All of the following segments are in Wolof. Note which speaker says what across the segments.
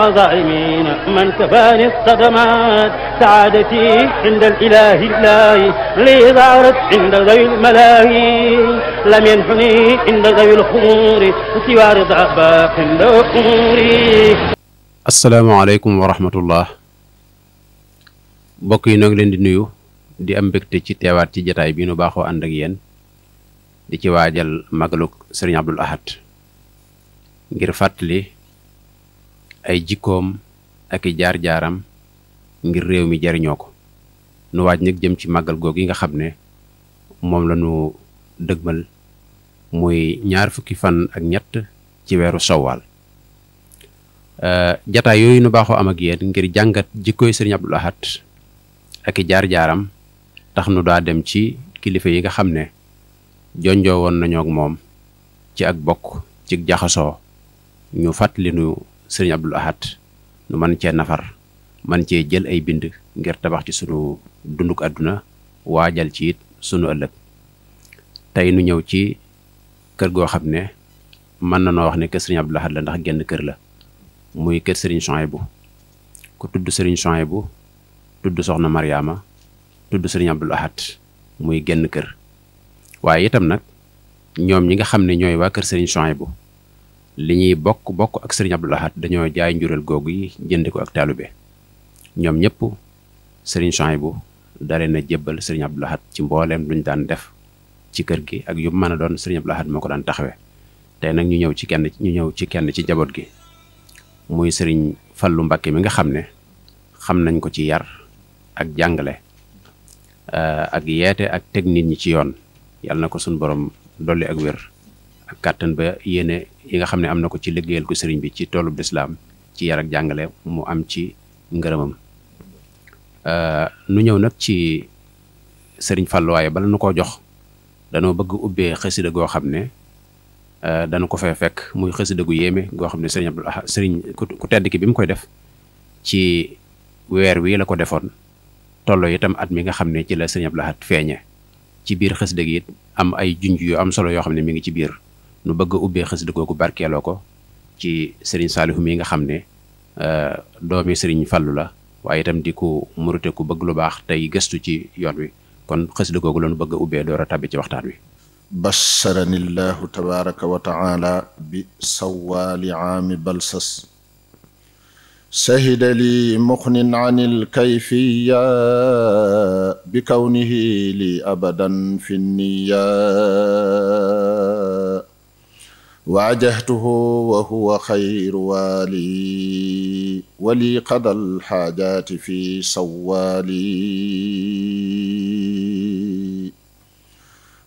Speaker 1: والظالمين من كفاني الصدمات سعادتي عند الإله الله لي ظهرت عند ذوي الملاهي لم ينحني عند ذوي الخمور سوى رضا باق أموري asalaamaaleykum wa rahmatullah mbokk yi noo ngi leen di nuyu di am mbégte ci teewaat ci jataay bi nu baaxoo ànd ak yéen di ci waajal magalug sëriñ Abdul Ahad ngir fàttali ay jikkoom ak jaar-jaaram ngir réew mi jariñoo ko nu waaj nag jëm ci màggal goog yi nga xam ne moom la ñu dëgmal muy ñaar fukki fan ak ñett ci weeru sowaal euh, jataay yooyu nu baaxoo am ak yéen ngir jàngat jikkooy sëriñ Abdul Ahad ak jaar-jaaram tax nu daa dem ci kilifa yi nga xam ne jonjoowoon woon ak moom ci ak bokk ci jaxasoo ñu fàttali nu sëriñ Abdul Ahad nu man cee nafar man cee jël ay bind ngir tabax ci sunu dunduk àdduna waajal ci it sunu ëllëg tey nu ñëw ci kër goo xam ne mën na noo wax ne kër sëriñ Abdul Ahad la ndax genn kër la muy kër sëriñ Souhaïbou ku tudd sëriñ bu tudd soxna Mariama tudd sëriñ Abdul Ahad muy genn kër waaye itam nag ñoom ñi nga xam ne ñooy waa kër sëriñ Souhaïbou li ñuy bokk bokk ak sëriñ Abdou dañoo jaay njureel googu yi jënd ko ak taalube ñoom ñëpp sëriñ Souhaïbou dale na jébbal sëriñ Abdou ci mbooleem luñ daan def ci kër gi ak yu mën a doon sëriñ Abdou moo ko daan taxawee tey nag ñu ñëw ci kenn ñu ñëw ci kenn ci njaboot gi muy sëriñ fallu Mbacké mi nga xam ne xam nañ ko ci yar ak jàngale euh, ak yeete ak teg nit ñi ci yoon yàlla na ko suñu borom dolli ak wér kàttan ba yéene yi nga xam ne am na ko ci liggéeyal ko sëriñ bi ci toolub lislaam ci yarak jàngale mu am ci ngërëmam euh, nu ñëw nag ci sëriñ Fallou waaye bala nu koo jox danoo bëgg ubbee xasida goo xam ne euh, dana ko fee fekk muy xasida gu yéeme goo xam ne sëriñ Abdul Ahad sëriñ ku tedd ki bi mu koy def ci weer wi la ko defoon tollo itam at mi nga xam ne ci la sëriñ Abdul feeñe ci biir xasida gi it am ay junj yu am solo yoo xam ne mi ngi ci biir nu bëgg a ubbee xasida googu barkeeloo ko ci sëriñ Saalihu mi nga xam ne euh, doomi sëriñ Fallu la waaye itam di ku murite ku bëgg lu baax tey gëstu ci
Speaker 2: yoon wi kon xasida googu la nu bëgg a ubbee door a tàbbi ci waxtaan wi basharani llahu tabaraka wa taala bi sawaali aami balsas sahida li muxnin an ilkayfiya bi kawnihi li abadan fi nniya waajahtuhu wa huwa xayru waali wali qadal xaajaati fi sawaali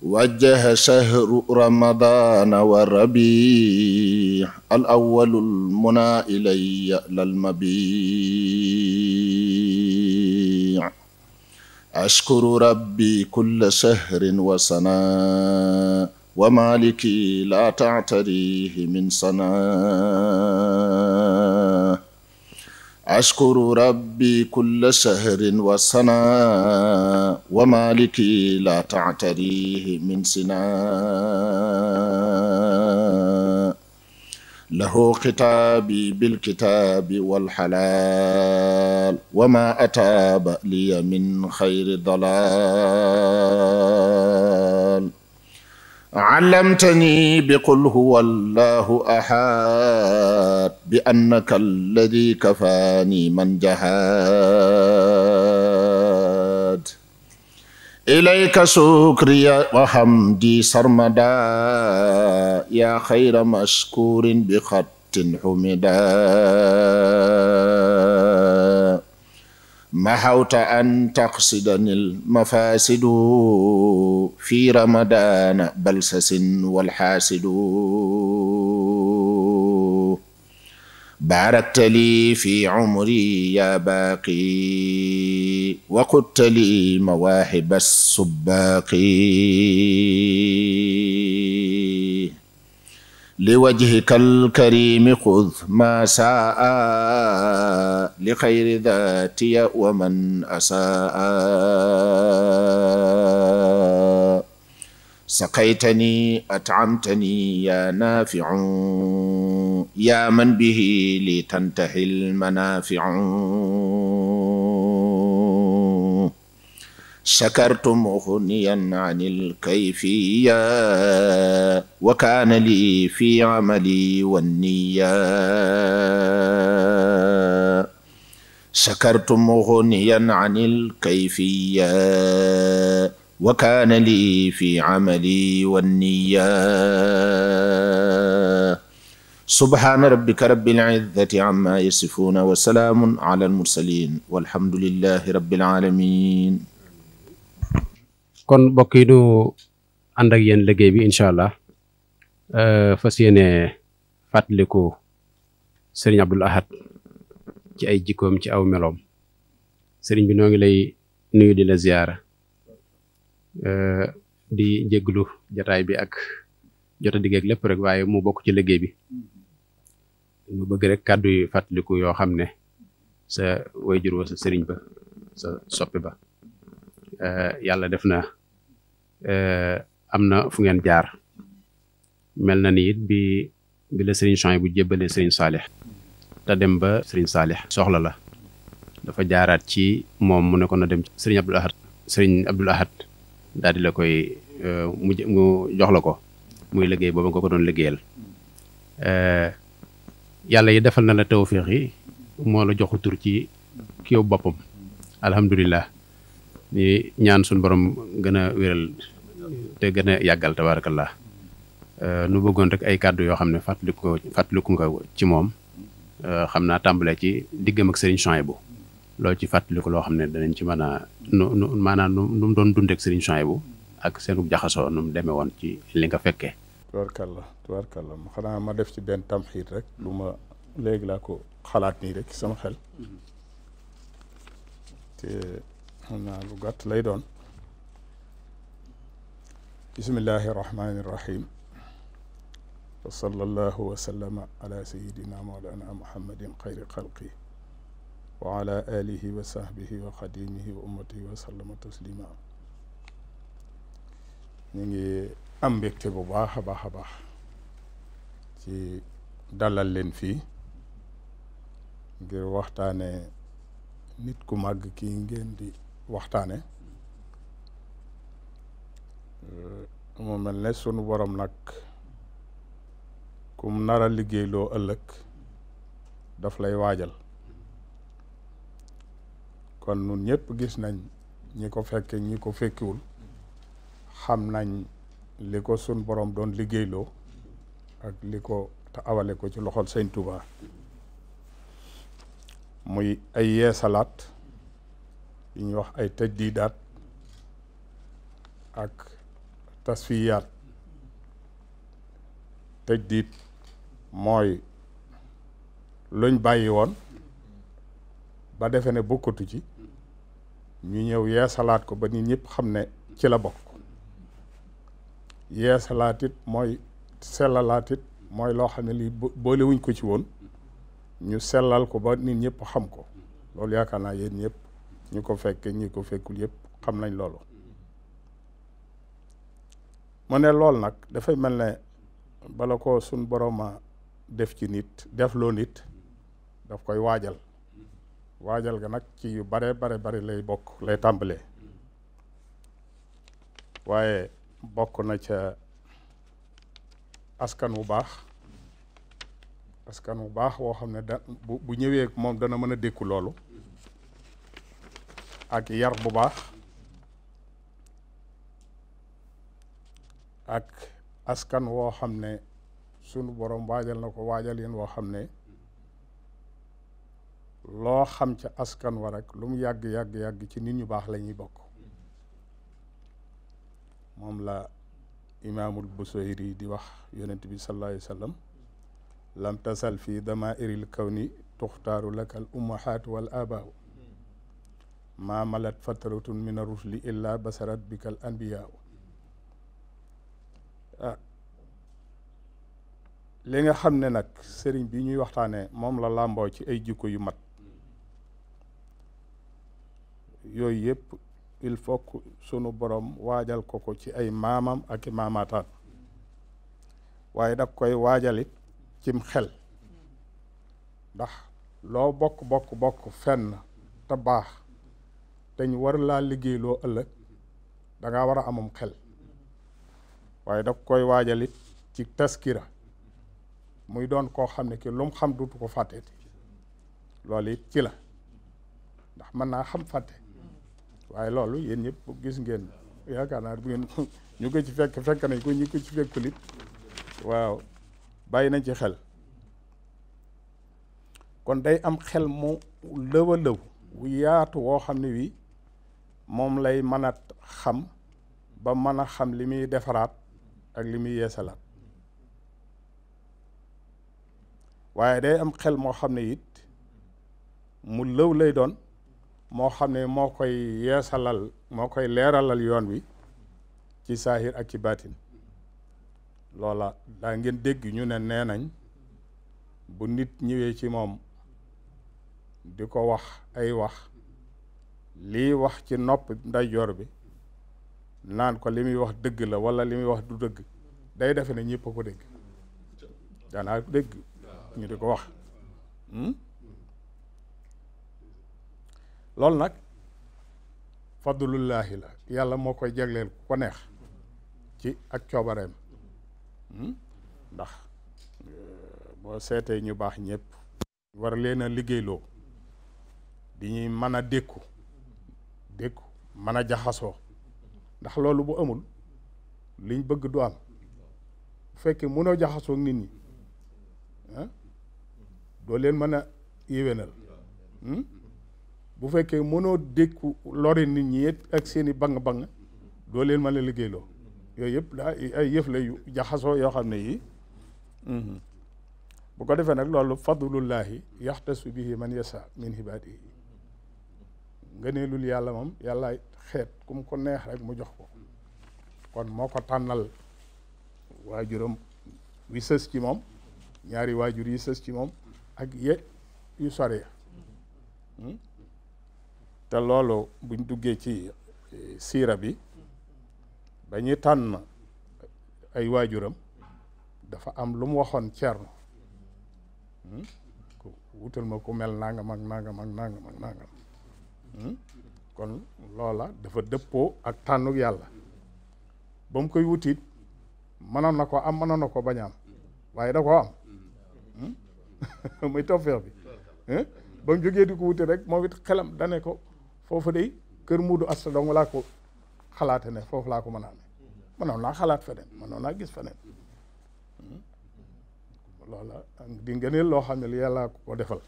Speaker 2: wajjaha shahru ramadaana wa rabi al awwalul munaa ilayya lal mabi ashkuru rabbi kulla shahrin wa sanaa ومالكي لا تعتريه من سنة أشكر ربي كل شهر وسنة ومالكي لا تعتريه من سنة له خطابي بالكتاب والحلال وما أتاب لي من خير ضلال علمتني بقل هو الله أحد بأنك الذي كفاني من جهاد إليك سكري وحمدي سرمدا يا خير مشكور بخط حمدا mahawta an taqsidani lmafasidu fi ramadana balsasin walxaasidu baarakta li fi umri ya baaqi wa qutta li mawaahiba subbaaqi لوجهك الكريم خذ ما ساء لخير ذاتي ومن أساء سقيتني أطعمتني يا نافع يا من به لي تنتهي المنافع shakartum ughniyan anil kayfiya wa kaana li fi amali wan niya shakartum ughniyan anil kayfiya wa kaana li fi amali wan niya subhaana rabbika rabbil izzati amma yasifuuna wa salaamun alal mursaliin walhamdulillahi rabbil aalamiin
Speaker 1: kon mbokk yi nu ànd ak yéen liggéey bi incha allah euh, fas yéene fàttaliku sëriñ Abdul Ahad ci ay jikkoom ci aw meloom sëriñ bi noo ngi lay nuyu di la ziyaara euh, di jégglu jataay bi ak jota diggeeg lépp rek waaye mu bokk ci liggéey bi mu bëgg rek kàddu yi fàttaliku yoo xam ne sa wayjur wa sa sëriñ ba sa soppi ba euh, yàlla def na Eh, am na fu ngeen jaar mel na ni bi bi la Serigne bu jébbalee Serigne Saalix te dem ba Serigne Saalix soxla la dafa jaaraat ci moom mu ne ko na dem Serigne Abdoul Ahad Serigne Ahad daal di la koy eh, mu mu jox la ko muy liggéey boobu nga ko doon liggéeyal eh, yàlla yi defal na la tawféex yi moo la joxu tur ci kii boppam alhamdulilah ni ñaan suñu borom gën wéral te gën a yàggal tabarakallah euh, nu bëggoon rek ay kàddu yoo xam ne fàttaliku ko fàttaliku nga ci moom euh, xam naa tàmbalee ci diggam ak Serigne Souhaïbou loolu ci fàttaliku loo xam ne danañ ci mën a nu nu maanaam nu mu doon dundeek Serigne Souhaïbou ak seenu jaxasoo nu mu demee woon ci li nga fekkee.
Speaker 3: tubaarkàlla tubaarkàlla xanaa ma def ci benn tamxiit rek lu ma léegi laa ko xalaat nii rek sama xel te xam naa lu gàtt lay doon. bismillahi irrahmani irrahim wa sallallahu wa sallama ala sayidina mawlana muhammadin xayri xalqi wa ala alihi wa sahbihi wa xadimihi wa ummatihi wa sallama taslima ñu ngi am bu baax a baax a baax ci dalal leen fii ngir waxtaane nit ku màgg ki ngeen di waxtaane mel na sunu borom nag kum nara liggéey loo ëllëg daf lay waajal kon nun ñëpp gis nañ ñi ko fekk ñi ko fekkiwul xam nañ li ko sun borom doon liggéeyloo ak li ko te awale ko ci loxol sëñ Touba muy ay yeesalaat yi ñuy wax ay tëj diidaat ak tasfiyaat tajdiid mooy luñ bàyyi woon ba defe ne bokkatu ci ñu ñëw yeesalaat ko ba nit ñëpp xam ne ci la bokk yeesalaat it mooy sellalaat it mooy loo xam ne lii boolewuñ ko ci woon ñu sellal ko ba nit ñëpp xam ko loolu yaakaar naa yéen ñëpp ñu ko fekke ñi ko fekkul yëpp xam nañ loolu mu ne lool nag dafay mel ne bala ko suñ boroma def ci nit def loo nit daf koy waajal waajal ga nag ci yu bare bare bare lay bokk lay tàmbalee waaye bokk na ca askan wu baax askan wu baax woo xam ne da bu ñëwee moom dana mën a dékku loolu ak yar bu baax ak askan woo xam ne sunu boroom waajal na ko waajal yéen woo xam ne loo xam ca askan wa rek lu mu yàgg yàgg yàgg ci nit ñu baax la ñuy bokk moom la imaamul Busayri di wax yonent bi sallallahu alayhi wa sallam lam tasal fii damaa'iril kawni tuxtaaru laka al ummahaatu wal abaau maa malat fatratun min ar rusli illaa basarat bika al anbiyaau Ah. li nga xam ne nag sëriñ bi ñuy waxtaanee moom la làmboo ci ay jikko yu mat yooyu yëpp il faut que sunu boroom waajal ko ko ci ay maamam ak i waaye dag koy waajalit cim xel ndax loo bokk bokk bokk fenn te baax te ñu war laa liggéeyloo ëllëg danga ngaa war a amum xel. waaye daf koy waajalit ci taskira muy doon koo xam ne ki lum xam dutu ko fàtteeti loolu it ci la ndax mën naa xam fàtte waaye loolu yéen ñëpp gis ngeen yaakaar naa bu ngeen ñu ko ci fekk fekk nañ ko ñu ko ci fekkul it waaw bàyyi nañ ci xel kon day am xel mu lëw lëw wu yaatu woo xam ne wii moom lay mën a xam ba mën a xam li muy defaraat ak li muy yeesalaat waaye day am xel moo xam ne it mu lëw lay doon moo xam ne moo koy yeesalal moo koy leeralal yoon wi ci saahir ak ci baatin loola daa ngeen dégg ñu ne nee nañ bu nit ñëwee ci moom di ko wax ay wax liy wax ci nopp ndeyjoor bi naan ko li muy wax dëgg la wala li muy wax du dëgg day defe ne ñëpp a ko dégg daanaa dégg ñu di ko wax hmm? loolu nag fadlullaahi la yàlla moo koy jagleel ku ko neex ci ak coobareem hmm? ndax euh, boo seetee ñu baax ñépp war leen a liggéeyloo di ñuy mën a dékku dékku mën a jaxasoo ndax loolu bu amul liñ bëgg du am bu fekkee mënoo jaxasoo nit ñi ah, doo leen mën a yéwénal hmm? bu fekkee mënoo dékku lori nit ñi it ak seen i bang-bang doo leen mën a liggéeyloo yooyu yëpp daa ay yëf la yu jaxasoo yoo xam ne yii hmm. bu ko defee nag loolu fadlullahi yaxtasu bihi man yasa min ibaadihi nga ne ngëneelul yàlla moom yàlla xeet ku ko neex rek mu jox ko kon moo ko tànnal waajuram wi sës ci moom ñaari waajur yi sës ci moom ak ye yu sore hmm? te loolu buñ duggee ci e, siira bi dañuy tànn ay waajuram dafa am lu mu waxoon Ceerno hmm? wutal ma ku mel nangam ak nangam ak nangam ak nangam Hmm? kon loola dafa dëppoo ak tànnuk yàlla ba mu koy wutit mënoon na ko am mënoon na ko bañ am waaye da koo am hmm? muy tawfeex bi hmm? ba mu jógee di ko wuti rek moo it xelam dane ko foofu de kër muudu asta dong laa ko xalaate ne foofu laa ko mën a amee mënoon naa xalaat feneen mënoon naa gis feneen loola di ngeen loo xam ne yàlla ko defal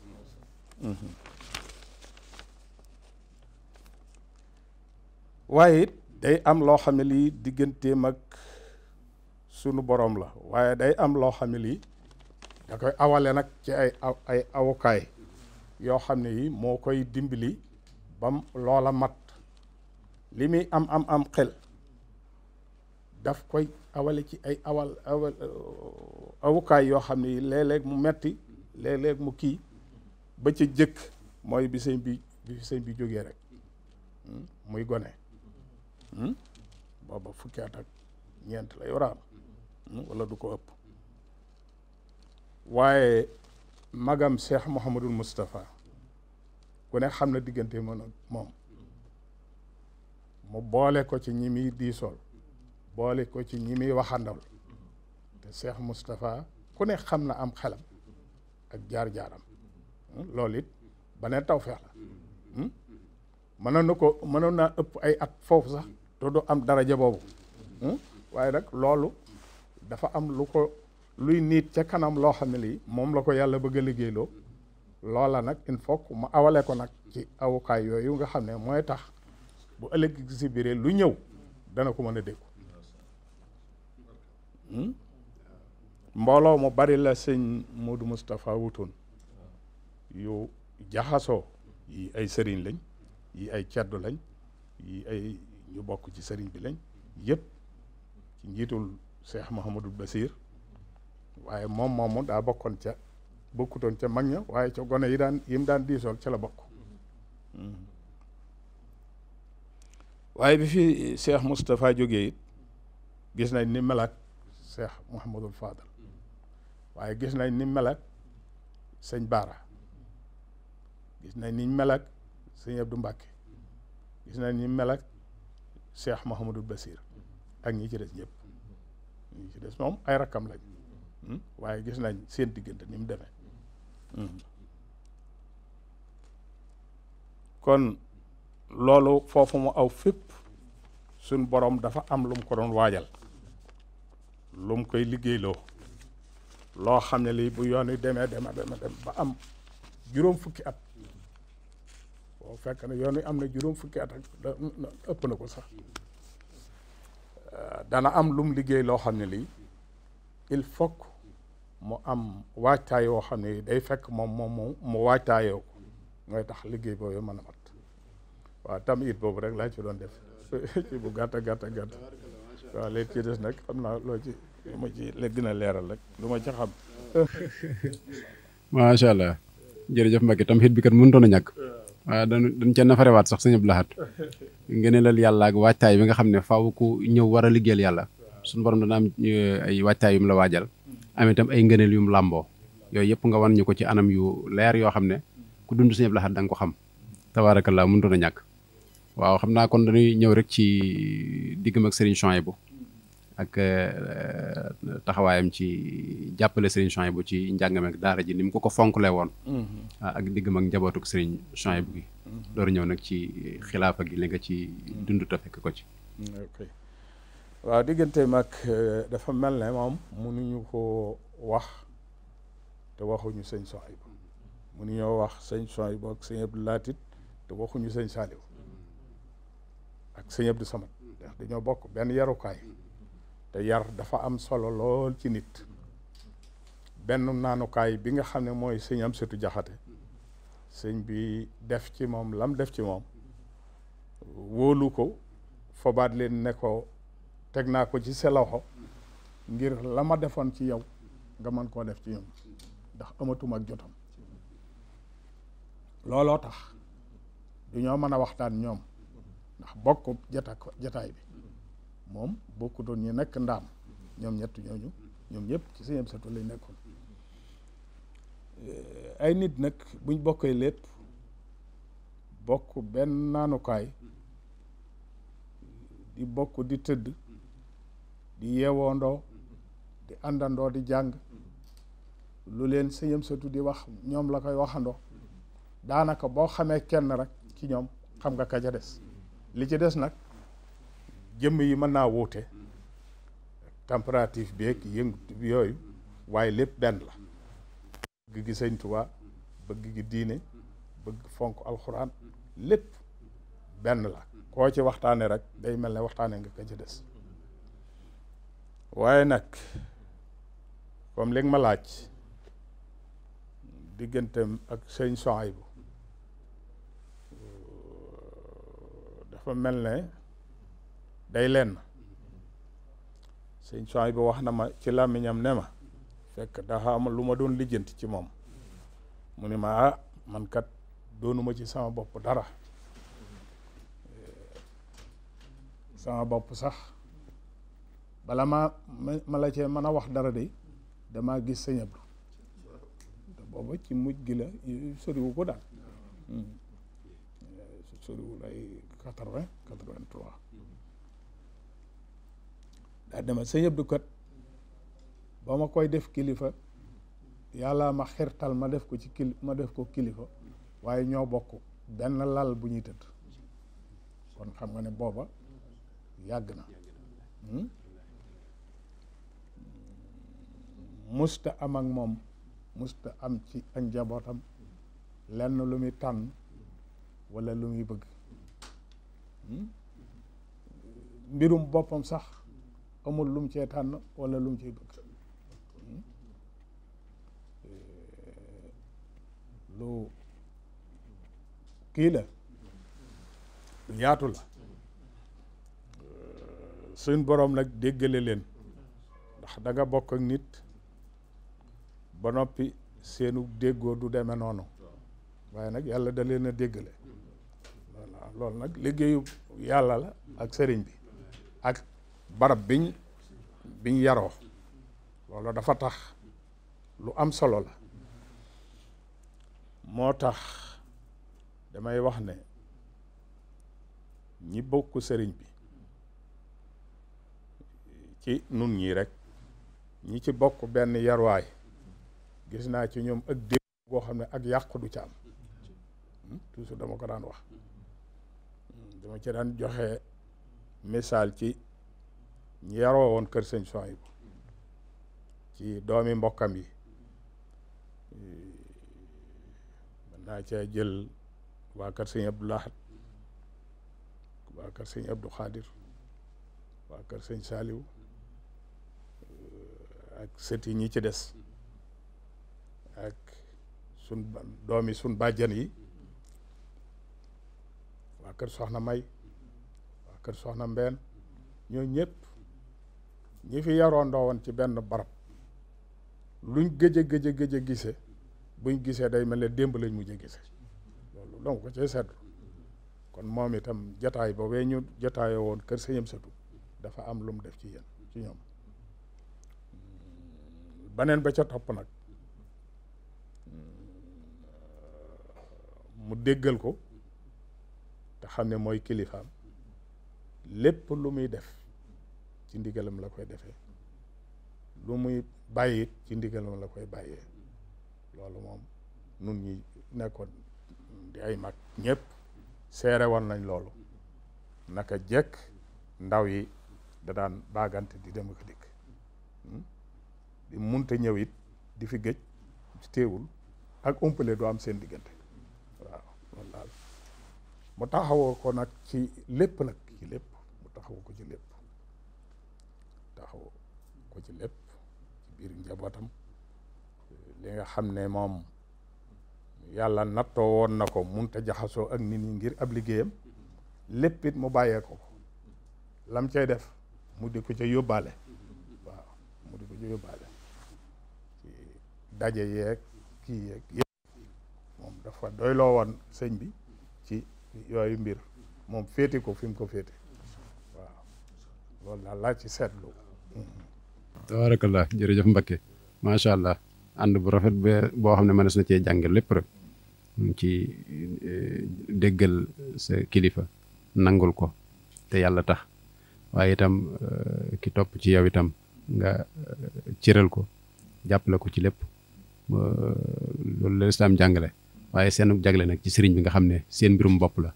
Speaker 3: waaye day am loo xam ne lii digganteem ak sunu borom la waaye day am loo xam ne lii da koy awale nag ci ay ay awukaay yoo xam ne yi moo koy dimbali bam loola mat li muy am am am daf koy awale ci ay awal awal awukaay yoo xam ne yi léeg mu metti léeg-léeg mu kii ba ca jëkk mooy bi sëñ bi bi sëñ bi jógee rek hmm, muy gone Hmm? booba fukki at ak ñeent lay waraan hmm? wala du ko ëpp waaye magam cheikh mouhamadul moustapha ku ne xam na diggante mën ak moom mu boole ko ci ñi muy diisool boole ko ci ñi muy waxandal te cheikh moustapha ku ne xam na am xelam ak jaar-jaaram hmm? loolu it baneen tawfeex la mënoon na ko mënoon naa ëpp ay at foofu sax te am dara daraja boobu hmm? waaye nag loolu dafa am lu ko luy niit ca kanam loo xam ne lii moom la ko yàlla bëgg a liggéeyloo loola nag il faut que mu awale ko nag ci awukaay yooyu nga xam ne mooy tax bu ëllëg si lu ñëw dana ko mën a dégg hmm? mbooloo mu bari la sëñ Modou Moustapha wutoon yu jaxasoo yi ay sëriñ lañ yi ay ceddu lañ yi ay yu bokk ci sëriñ bi lañ yëpp ci njiitul Cheikh Mouhamadou Basir waaye moom moomu daa bokkoon ca bokkutoon ca mag ña waaye ca gone yi daan yim daan diisool ca la bokk mm-hmm. waaye bi fi Cheikh Moustapha jóge it gis nañ ni mel ak Cheikh Mouhamadul waaye gis nañ ni mel ak Baara gis nañ ni mel ak sëñ Abdou Mbacke gis nañ ni mel Cheikh Mouhamadul Basir ak ñi ci des ñëpp ñi ci des moom ay rakkam lañ hmm? waaye gis nañ seen diggante ni mu deme hmm. kon loolu foofu mu aw fépp suñ borom dafa am lu mu ko doon waajal lu mu koy liggéeyloo loo xam ne lii bu yoon wi demee dema dema dem ba am juróom fukki at boo fekk ne yoon wi am na juróom fukki at ak ëpp na ko sax dana am lum liggéey loo xam ne lii il faut mu am waajtaay yoo xam ne day fekk moom moom mu waajtaayoo ko mooy tax liggéey boobu ma a mat waaw tam it boobu rek laa ci doon def ci bu gàtta gàtta gàtt waaw léegi ci des nag xam naa loo ci lu ma ci la gën leeral rek lu ma ci xam
Speaker 1: macha allah jërëjëf Mbacke tam hit bi kat mënutoon a ñàkk waaw ah, dañu dañ ca nafarewaat sax sëñ Abdou Lahad ngëneelal yàlla ak waajtaay bi nga xam ne faw ku ñëw war a liggéeyal yàlla suñu borom dana am eh, ay waajtaay yu mu la waajal am ay ngëneel yu mu làmboo yooyu yëpp nga wan ñu ko ci anam yu leer yoo xam ne ku dund sëñ Abdou Lahad da nga ko xam tabaarakallah mënutoon a ñàkk waaw xam naa kon dañuy ñëw rek ci diggam ak Serigne Chouaïbou ak eh, eh, taxawaayam ci jàppale Serigne Souhaïbou bu ci njàngam daara ji ni mu ko ko fonkle woon. Mm-hmm. Ah, ak diggam ak njabootuk Serigne Souhaïbou bi. Mm-hmm. door ñëw nag ci xilaafa gi li nga ci mm-hmm. dund te fekk ko ci.
Speaker 3: waaw diggante mag eh, dafa mel ne moom mënuñu ko wax te waxuñu sëñ Souhaïbou mënuñoo wax sëñ Souhaïbou ak sëñ Abdou Latif te waxuñu sëñ Saliou ak sëñ Abdou Samad ndax dañoo bokk benn yarukaay. te yar dafa am solo lool ci nit benn naanukaay bi nga xam ne mooy sëñam am sëtu jaxate sëñ bi def ci moom lam def ci moom wóolu ko fobaat leen ne ko teg naa ko ci sa loxo ngir la ma defoon ci yow nga mën koo def ci ñoom ndax amatum ak jotam looloo tax du ñoo mën a waxtaan ñoom ndax bokk jata jataay bi moom bokkutoon ñi nekk ndaam ñoom ñett ñooñu ñoom ñëpp ci sëñ Abdou Lahad lañ nekkoon eh, ay nit nag buñ bokkee lépp bokk benn naanukaay di bokk di tëdd di yeewoondoo di àndandoo di jàng lu leen sëñ Abdou Lahad di wax ñoom la koy waxandoo daanaka boo xamee kenn rek ci ñoom xam nga ka ca des li ci des nag jëmm yi mën naa wuute température beeg yëngu yooyu waaye lépp benn la bëgg gi sëñ Tuubaa bëgg gi diine bëgg fonk alxuraan lépp benn la koo ci waxtaane rek day mel ne waxtaanee nga ka ci des waaye nag comme léegi ma laaj digganteem ak sëñ Sohaybu dafa mel ne day lenn sëñ Suwayb bi wax na ma ci làmmiñam ne ma fekk dafa am lu ma doon lijjanti ci moom mu ni ma ah man kat doonuma ci sama bopp dara eh, sama bopp sax bala ma ma la cee mën a wax dara de damaa gis sëñ Abdu te booba ci mujj gila la soriwu ko daal hmm. eh, soriwu lay quatre-vingt quatre-vingt-trois Ah, daa demal sëñ Abdou kat ba ma koy def kilifa yàlla ma xirtal ma def ko ci kilifa waaye ñoo bokk benn lal bu ñuy tëdd kon xam nga ne booba yàgg na hmm? musta am ak moom musta am ci ak njabootam lenn lu muy tànn walla lu muy bëgg hmm? mbirum boppam sax amul lum cee tànn wala lum cee hmm? eh, lu kii la lu yaatu la eh, suñ boroom nag déggale leen ndax danga nga bokk ak nit ba noppi seenu déggoo du deme noonu waaye nag yàlla da leen a déggale voilà nag liggéeyu yàlla la ak sëriñ bi ak barab biñ biñ yaroo loolu dafa tax lu am solo la moo tax damay wax ne ñi bokk sëriñ bi ci nun ñii rek ñi ci bokk benn yarwaay gis naa ci ñoom ak dégg goo xam ne ak yàqu du ca am hmm? toujours dama ko daan wax hmm, dama ci daan joxe misaal ci ñu yaroo woon kër sëñ Souhaïbou ci doomi mbokkam yi mën naa cee jël waa kër sëñ Abdou Lahad waa kër sëñ Abdou waa kër sëñ Saliou eh, ak sët yi ñi ci des ak sun doomi sun bàjjan yi waa kër soxna May waa kër soxna Mbeen ñoo ñëpp ñi fi yaroondoo woon ci benn barab luñ gëj a gëj a gëj gise buñ gisee day mel ne démb lañ mujj a gise loolu donc ko cee seddu kon moom itam jataay boobee ñu jataayoo woon kër sëñam sëtu dafa am lu mu def ci yéen ci ñoom baneen ba ca topp nag mu déggal ko te xam ne mooy kilifaam lépp lu muy def ci ndigalam la koy defee lu muy bàyyi it ci ndigalam la koy bàyyee loolu moom nun ñi nekkoon di ay mag ñëpp seere woon nañ loolu naka jekk ndaw yi da daan baagante di dem ak dikk hmm? di munta ñëwit di fi géej téewul ak umpale du am seen diggante waaw wallaal mu taxawoo ko nag ci lépp nag ci lépp mu taxawoo ko ci lépp ko ci lépp ci biir njabootam li nga xam ne moom yàlla nattoo woon na ko munta jaxasoo ak nit ñi ngir ab liggéeyam lépp mu bàyyee ko lam cay def mu di ko ca yóbbaale waaw ko ca daje yeeg kii yeeg yëpp moom dafa doyloo woon sëñ bi ci yooyu mbir moom féete ko fim ko féete waaw loolu daal laa ci seetlu hmm.
Speaker 1: tabaarakallah jërëjëf Mbacké macha allah ànd bu rafet ba boo xam ne mënees na cee jàngal lépp rek ci e, déggal sa kilifa nangul ko te yàlla tax waaye itam e, ki topp ci yow itam nga e, cëral ko jàppale ko ci lépp loolu la lislaam jàngale waaye seenu jagle nag ci sëriñ bi nga xam ne seen mbirum bopp la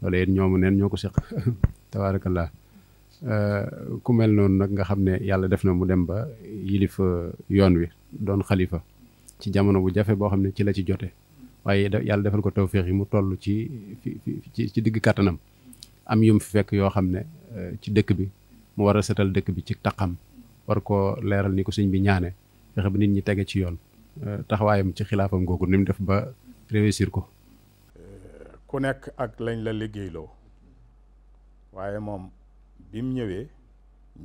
Speaker 1: loolu yéen ñoomu neen ñoo ko seq tabaarakallah Euh, ku mel noonu nag nga xam ne yàlla def na mu dem ba yilif yoon wi doon xalifa ci jamono bu jafe boo xam ne ci la ci jote waaye yàlla defal ko féex yi mu tollu ci ci ci digg kàttanam am yum fi fekk yoo xam ne euh, ci dëkk bi mu war a setal dëkk bi ci taqam war ko leeral ni ko sëñ bi ñaane fexe bi nit ñi tege ci yoon euh, taxawaayam ci xilaafam googu ni mu def ba réussir ko
Speaker 3: ku nekk ak lañ la liggéeyloo waaye moom bi mu ñëwee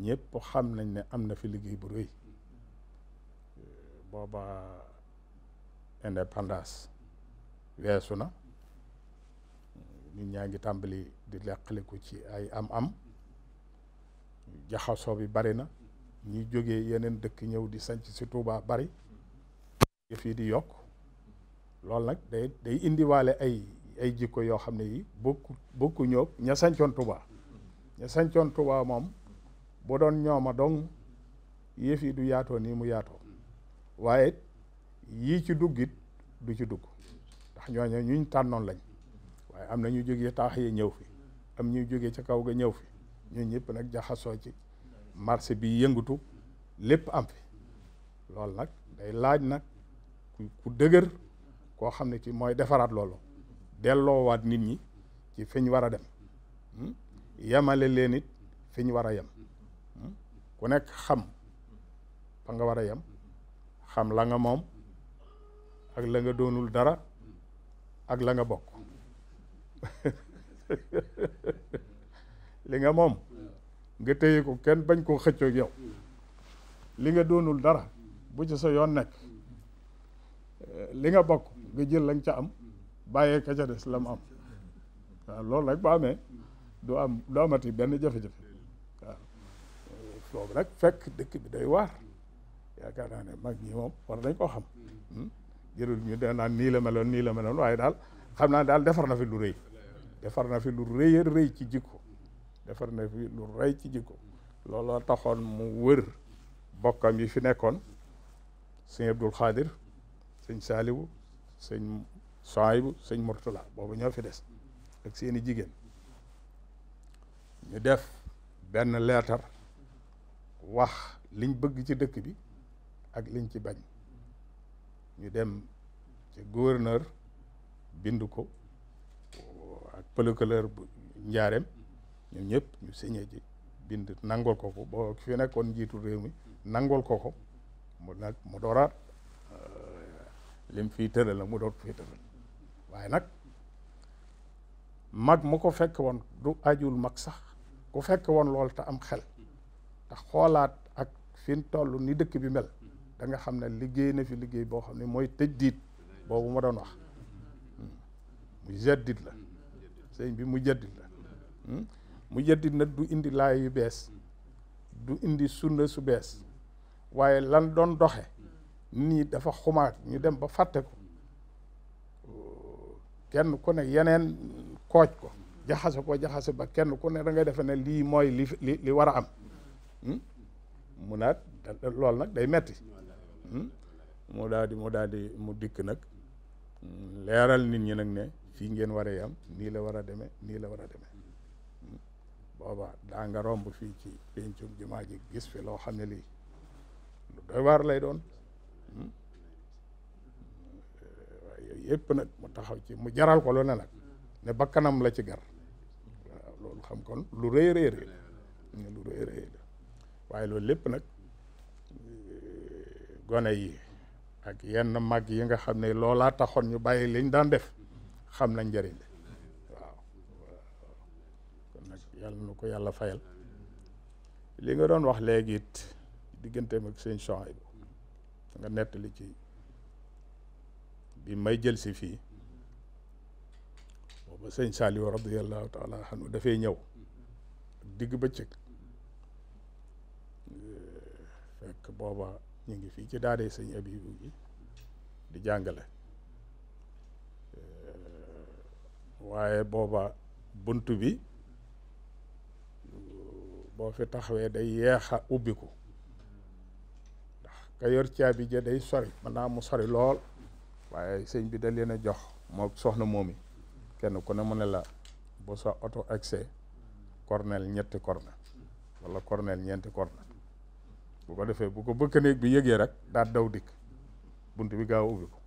Speaker 3: ñëpp xam nañ ne am na fi liggéey bu rëy booba indépendance weesu na nit ñaa ngi tàmbali di ko ci ay am-am jaxasoo bi bari na ñi jóge yeneen dëkk ñëw di sanc si Touba bari yëf yi di yokk loolu nag day day indiwaale ay ay jikko yoo xam ne yi bokku bokku ñëw ña sancoon Touba ñu sancoon tubaa moom bu doon ñooma dong yëf yi du yaatoo nii mu yaatoo waaye yii ci duggit du ci dugg ndax ñooñu ñuñ tànnoon lañ waaye am na ñu jóge taax yi ñëw fi am ñuy jóge ca kaw ga ñëw fi ñun ñëpp nag jaxasoo ci marché bi yëngatu lépp am fi loolu nag day laaj nag ku dëgër koo xam ne ci mooy defaraat loolu delloowaat nit ñi ci fiñ war a dem hmm? yemale leen it fi ñu war a yem hmm? ku nekk xam fa nga war a yem xam la nga moom ak la nga doonul dara ak la nga bokk li nga moom nga téye ko kenn bañ koo xëccoo yow li nga doonul dara bu ci sa yoon nekk eh, li nga bokk nga jël lañ ca am bàyyee ka ca des la mu am waaw loolu rek ba amee du am du amati benn jafe-jafe waaw foofu nag fekk dëkk bi day waar yaakaar naa ne mag ñi moom war nañ koo xam hmm? jërul ñu da naan nii la meloon nii la meloon waaye daal xam naa daal defar na fi lu rëy defar na fi lu rëy a rëy ci jikko defar na fi lu rëy ci jikko looloo taxoon mu wër bokkam yi fi nekkoon sëñ Abdul Xaadir sëñ Saaliwu sëñ Soaybu sëñ Murtala boobu ñoo fi des ak seeni jigéen ñu def benn leetar wax liñ bëgg ci dëkk bi ak liñ ci bañ ñu dem ci gouverneur bind ko ak procureur bu njaareem ñoom ñëpp ñu signé ci bind nangol ko ko boo fi nekkoon njiitu réew mi nangol ko ko mu nag mu dooraat euh, lim fii tëral la mu door fii tëral waaye nag mag mu ko fekk woon du ajul mag sax ku fekk woon loolu te am xel te xoolaat ak fi tollu toll ni dëkk bi mel danga xam ne liggéey na fi liggéey boo xam ne mooy tëj diit boobu ma doon wax hmm. mu jaddit la sëñ bi mu jaddit la hmm. mu jaddit nag du indi laay yu bees du indi sunna su bees waaye lan doon doxe nii dafa xumaat ñu dem ba fàtte ko kenn ku ne yeneen kooj ko jaxase ko jaxase ba kenn ku ne dangay ngay defe ne lii mooy li li li war a am hmm? mu naat lool nag day metti hmm? mu daal di mu mu dikk nag hmm, leeral nit ñi nag ne fii ngeen war a yam nii la war a demee nii la war a deme booba daa nga romb fii ci pencum jumaa ji gis fi loo xam ne lii lu doy waar lay doon waaye yooyu nag mu taxaw ci mu jaral ko lu ne nag ne bakkanam la ci gar xam kon lu rëy rëy lu rëy rëy waaye loolu lépp nag eh, gone yi ak yenn mag yi nga xam ne loolaa taxoon ñu bàyyi liñ daan def xam nañ njëriñ waaw kon nag yàlla na ko yàlla fayal li nga doon wax léegi it digganteem ak seen champs yi nga nettali ci bi may jël si fii ba sëñ Saliou radiyallahu taala anhu dafay ñëw digg bëccëg fekk booba ñu ngi fii ci daadee sëñ Abibu gi di jàngale waaye booba bunt bi boo fi taxawee day yeex a ubbiku ndax ka yor caabi ja day sori mën naa mu sori lool waaye sëñ bi da leen a jox moo soxna moom yi kenn ku ne mu ne la bu sa oto accès cornel ñetti corne wala cornel ñeenti corne bu ko defee bu ko bëkk néeg bi yëgee rek daal daw dikk bunt bi gaaw ubbi ko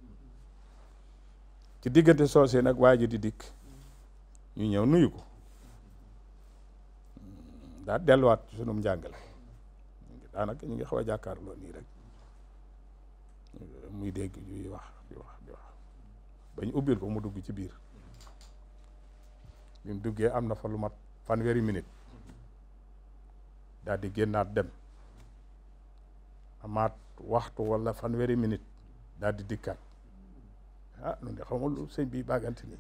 Speaker 3: ci diggante soosee nag waa ji di dikk ñu ñëw nuyu ko daa delluwaat ci sunum njàngale daanak ñu ngi xaw a jàkkaarloo nii rek muy dégg ñuy wax wax bañ ubbil ko mu dugg ci biir bi mu duggee am na fa lu mat fanweeri minute daal di génnaat dem amaat waxtu wala fanweeri minute daal di dikkaat ah xaw ma lu bàggante nii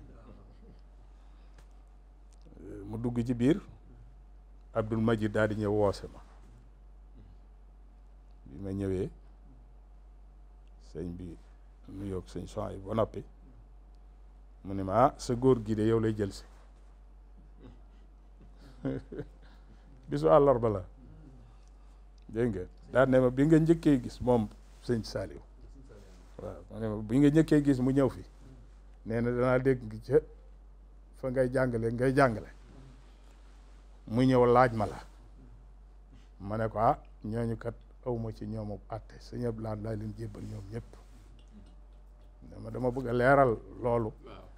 Speaker 3: mu dugg ci biir Abdul Majid daal di ñëw woose ma bi ma ñëwee sëñ bi nuyoog sëñ son yi ba noppi mu ne ma ah sa góor gi de yow lay jël si bisu àllarba la dégg nga daan ne ma bi nga njëkkee gis moom sëñ Saliou waaw ma nga njëkkee gis mu ñëw fi nee na danaa dégg ca fa ngay jàngale ngay jàngale mu ñëw laaj ma ma ne ko ah ñooñu kat awma ci ñoom ab àtte sëñ Abdoulaye laa leen jébbal ñoom ñëpp dama dama bëgg a leeral loolu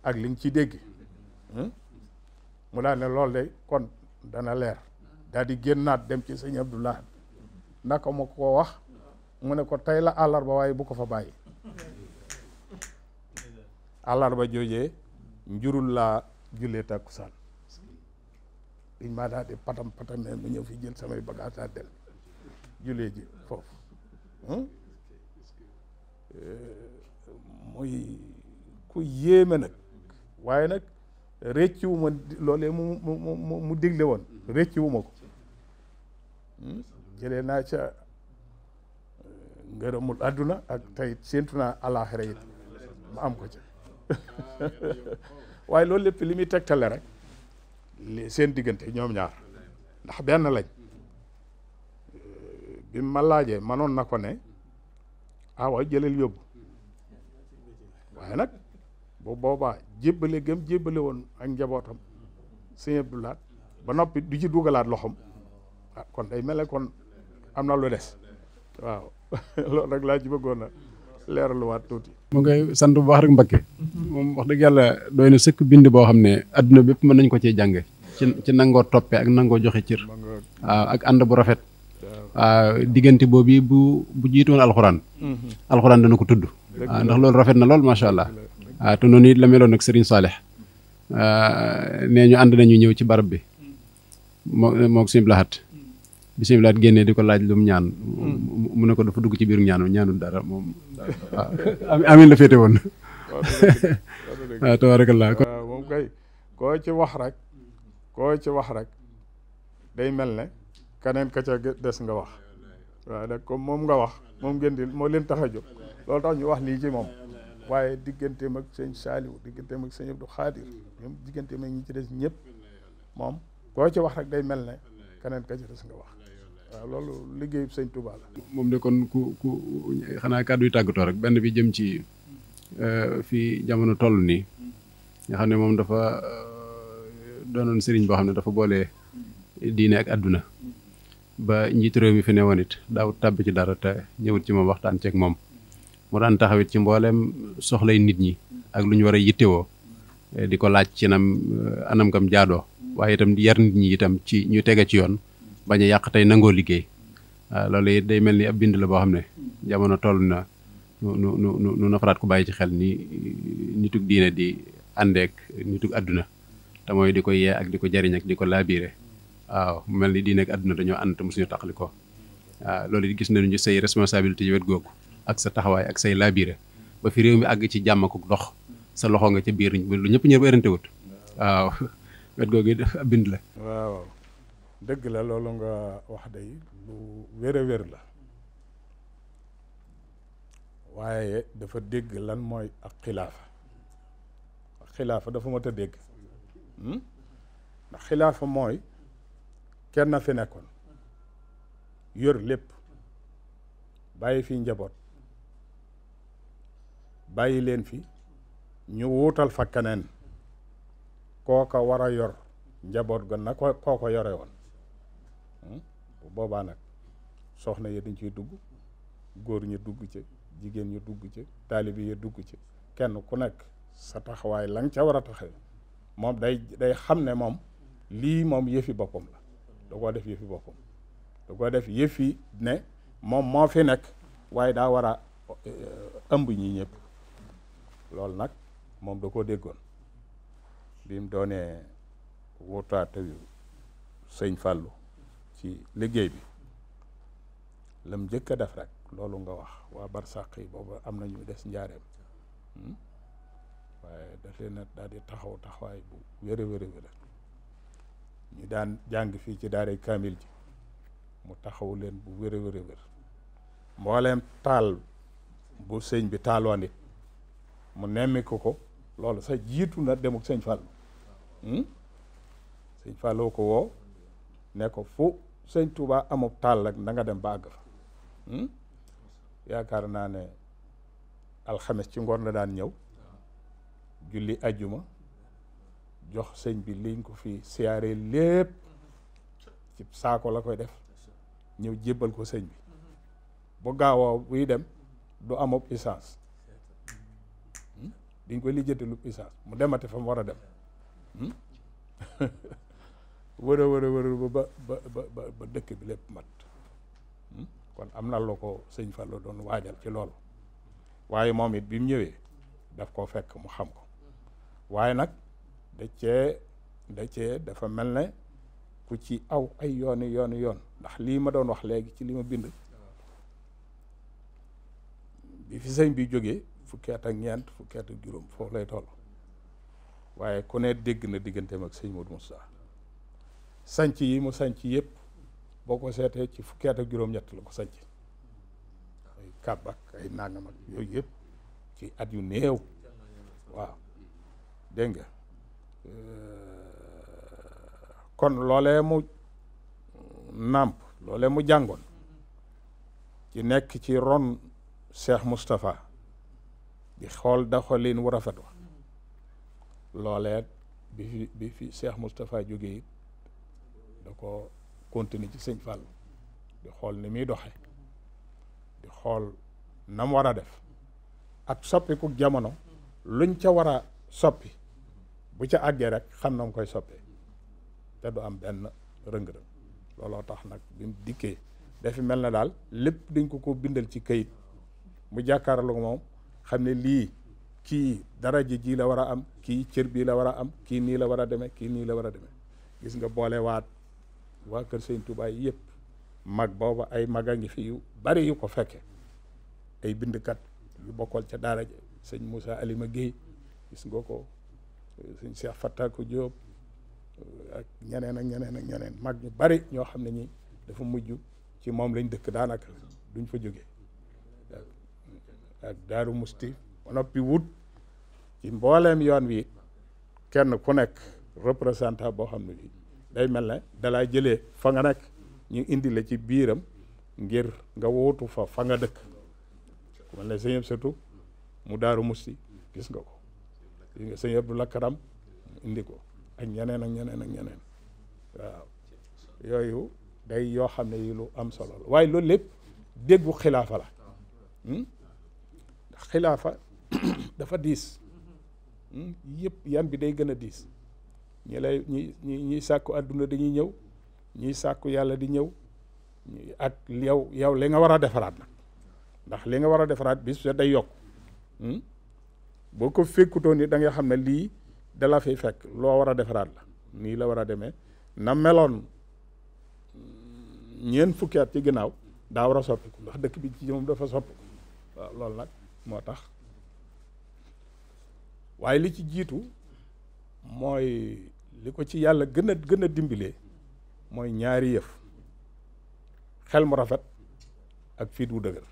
Speaker 3: ak li nga ci dégg hmm? mu daal ne loolu de kon dana leer daal di génnaat dem ci sëñ Abdoulahat naka ma ko wax mu ne ko tey la àllarba waaye bu ko fa bàyyi àllarba joojee njurul laa jullee tàkkusaan dañ maa daal di patam patamee mu ñëw fi jël samay bagaas dem jullee ji foofu hmm? eh, muy ku yéeme nag waaye nag réccuwu ma loolee mu mu mu mu digle woon réccuwu ma ko hmm? jëlee naa ca euh, ngërëmul àdduna ak tey séentu naa alaaxira it ma am ko ca waaye loolu lépp li muy tegtale rek li seen diggante ñoom ñaar ndax benn lañ euh, bi ma laajee manoon na ko ne awa ah, jëlal yóbbu waaye nag bu boobaa jébbale gëm jébbale woon ak njabootam sëñ Abdou laat ba noppi du ji dugalaat loxoom ah kon day mel kon am na lu des waaw loolu rek laa ci bëggoon a leeraluwaat tuuti.
Speaker 1: mu ngay sant bu baax rek Mbakke. moom wax dëgg yàlla doy na sëkk bind boo xam ne àdduna bépp mën nañ ko cee jànge ci ci nangoo toppee ak nangoo joxe cër. waaw ah, ak ànd bu rafet. waaw ah, diggante boobu bu bu jiitoon alxuraan. Mhm. alxuraan dana ko tudd. Ah, ndax loolu rafet na lool macha allah. Ah, te noonu it la meloon ak Serigne Saleh ah, nee ñu ànd nañu ñëw ci barab bi moo moog Sëñ Blahat bi Sëñ génnee di ko laaj lu mu ñaan hmm. mu ne ko dafa dugg ci biir ñaanu ñaanul dara moom ah, amin la féete woon waaw tabarakallah
Speaker 3: moom kay ci wax rek koo ci wax rek day mel ne keneen ka ca des nga wax waaw nag comme moom nga wax moom ngeen di moo leen tax a jóg loolu tax ñu wax lii ci moom waaye digganteem ak sëñ Saaliw digganteem ak sëñ Abdu Xaadir ñoom digganteem ak ñi ci des ñëpp moom koo ci wax rek day mel ne keneen ka ci des nga wax waaw loolu liggéeyu sëñ Touba la.
Speaker 1: moom de kon ku ku xanaa kàddu yu tàggatoo rek benn bi jëm ci euh, fii jamono toll nii nga xam ne moom dafa euh, doonoon sëriñ boo xam ne dafa boolee diine ak àdduna ba njiitu réew mi fi ne it daawut tàbb ci dara te ñëwut ci moom waxtaan ceeg moom. mu daan taxawit ci mbooleem soxlay nit ñi ak lu ñu war a yittewoo eh, di ko laaj ci nam anam kam eh, jaadoo waaye itam di yar nit ñi itam ci ñu tege ci yoon bañ a yàq tey nangoo liggéey ah, loolu it day mel ni ab bind la boo xam ne jamono toll na nu nu nu nafaraat ko bàyyi ci xel ni nitug diine di àndeek nitug àdduna te mooy di ko yee ak di ko jariñ ak di ko laabiire waaw mel ni diine ak àdduna dañoo ànd te mosuñu taqali ko ah, loolu yi gis nañu say responsabilité yi wet googu ak sa taxawaay ak say laabire ba fi réew mi àgg ci jàmm ak dox sa loxo nga ca biir lu ñëpp ñëpp werante wut waaw wet googu bind la
Speaker 3: waaw la loolu nga wax a wér la waaye dafa dégg lan mooy ak xilaafa ak xilaafa dafa mat dégg hmm? xilaafa mooy kenn fi nekkoon yor lépp bàyyi fi njaboot bàyyi leen fi ñu wuutal fa keneen kooka war a yor njaboot ga na ko kooko yore woon hmm? bu boobaa nag soxna yi dañ ciy dugg góor ñi dugg ci jigéen ñi dugg ci taalibi yi dugg ci kenn ku nekk sa taxawaay la nga ca war a taxaw moom day day xam ne moom lii moom yëfi boppam la da koo def yëfi boppam da koo def yëfi ne moom moo fi nekk waaye daa war a eh, ëmb ñi ñëpp loolu nag moom da koo déggoon bi mu doonee wóotaatayu sëñ Fàllu ci liggéey bi lam njëkk a def rek loolu nga wax waa barsàq yi boobu am na ñu des njaareem hmm? waaye daf leen a di taxaw taxawaay bu wér ñu daan jàng fii ci daara kaamil ji mu taxaw leen bu wér a wér mbooleem taal bu sëñ bi taaloon it mu nemmi ko loolu sa jiitu na dem ak sëñ Fall hmm? sëñ Falloo ko woo ne ko fu sëñ Touba amub taal rek na dem ba àgg fa hmm? yaakaar naa ne alxames ci ngoon la daan ñëw julli ajjuma jox sëñ bi liñ ko fi siyaaree lépp ci saako la koy def ñëw jébbal ko sëñ bi bu gaawoo buy dem du amub essence dañ koy lijjanti lu puissance mu demati fa mu war a dem wër a wër a wër ba ba ba ba dëkk bi lépp mat hmm? kon am na loo ko sëñ Fallu doon waajal ci loolu waaye moom it bi mu ñëwee daf koo fekk mu xam ko waaye nag da cee da cee dafa mel ne ku ci aw ay yooni yooni yoon ndax lii ma doon wax léegi ci li ma bind bi fi sëñ bi jóge fukki at ñeent fukki at juróom foofu lay toll waaye ku dégg na digganteem ak sëñ Modou Moussa sanc yi mu sanc yëpp boo ko seetee ci fukki at ak juróom-ñett la ko sanc ay kàbb ay nangam ak yooyu yëpp ci at yu néew waaw dégg kon loolee mu nàmp loolee mu jàngoon ci nekk ci ron Cheikh Moustapha di xool doxalin wu rafet wa looleet bi fi bi fi Cheikh Moustapha jóge it da ko continuer ci sëñ Fall di xool ni muy doxe di xool na mu war a def ak soppi ku jamono luñ ca war a soppi bu ca àggee rek xam na mu koy soppee te du am benn rëng-rëng looloo tax nag bi mu dikkee dafi mel na daal lépp dañ ko ko bindal ci kayit mu jàkkaarloo moom xam ne lii kii daraja ji jii la war a am kii cër bii la war a am kii nii la war a deme kii nii la war a deme gis nga boole waat waa kër Sëñ Tuubaa yépp mag booba ay mag a ngi fi yu bari yu ko fekke ay bindkat yu bokkal ca daara ja sëñ Moussa Alima Guèye gis nga ko sëñ Cheikh Fattako Diop ak ñeneen ak ñeneen ak ñeneen mag ñu bari ñoo xam ne ñi dafa mujj ci moom lañ dëkk daanaka duñ fa jóge ak daaru musti ba noppi wut ci mbooleem yoon wi kenn ku nekk représentant boo xam ne bi day mel ne dalaa jële fa nga nekk ñu indi la ci biiram ngir nga wuutu fa fanga nga dëkk mel ne sëñ surtout mu daaru musti gis nga ko gis nga sëñ Abdou Lakaram indi ko ak ñeneen ak ñeneen ak ñeneen waaw yooyu day yoo xam ne yi lu am solo la waaye loolu lépp déggu xilaafa la hmm? xilaafa dafa diis hmm? yëpp yan bi day gën a diis ñi lay ñi ñi ñiy sàkku àdduna dañuy ñëw ñiy sàkku yàlla di ñëw ak yow yow li nga war a defaraat nag ndax li nga war a defaraat bis sa day yokk hmm? boo ko fekkutoon ni da xam ne lii dala fi fekk loo war a defaraat la nii la war a demee na meloon hmm, ñeent fukki at ci ginnaaw daa war a soppiku ndax dëkk bi ci moom dafa soppiku waaw loolu nag moo tax waaye li ci jiitu mooy li ko ci yàlla gën a gën a dimbilee mooy ñaari yëf xel mu rafet ak fiit wu dëgër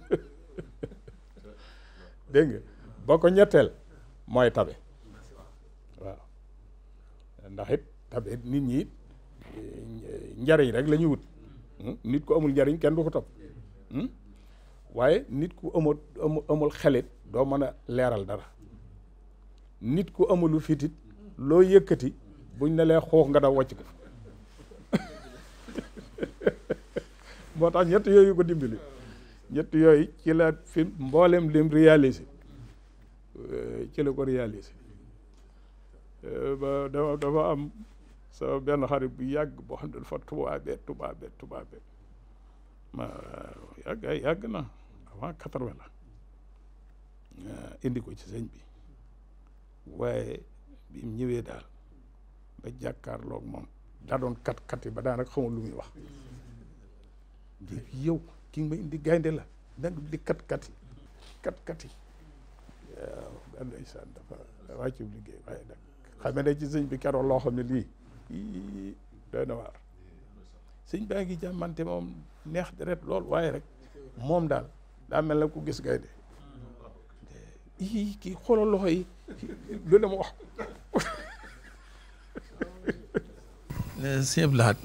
Speaker 3: dégg nga boo ko ñetteel mooy tabe waaw ndax it tabe nit ñi eh, njariñ rek lañuy wut hmm? nit ko amul njariñ kenn du ko topp hmm? waaye nit ku amul amul xelit doo mën a leeral dara nit ku amulu fitit loo yëkkati buñ ne lee nga daw wàcc ko moo tax ñett yooyu ko dimbali ñett yooyu ci la fi mbooleem lim réalisé euh, ci la ko réalisé euh, ba dafa am sa benn xarit bu yàgg boo xam ne dafa tubaabee tubaabee tubaabee ma yàgg ay yàgg na waa quatre-vingt la indi ko ci sëñ bi waaye bi mu ñëwee daal ba jàkkaarloog moom daa doon kat ba daan rek xamul lu muy wax yow ki nga ma indi gaynde la nag di kat kati kat kati waaw gàlday dafa wàccub liggéey waaye nag xame ci sëñ bi keroog loo xam ne lii doy na waar sëñ baa ngi jàmmante moom neex deret lool waaye rek moom daal daa mel na ku gis gaynde ii kii xoolal loxo yi lu ne mu wax sëñ Lahat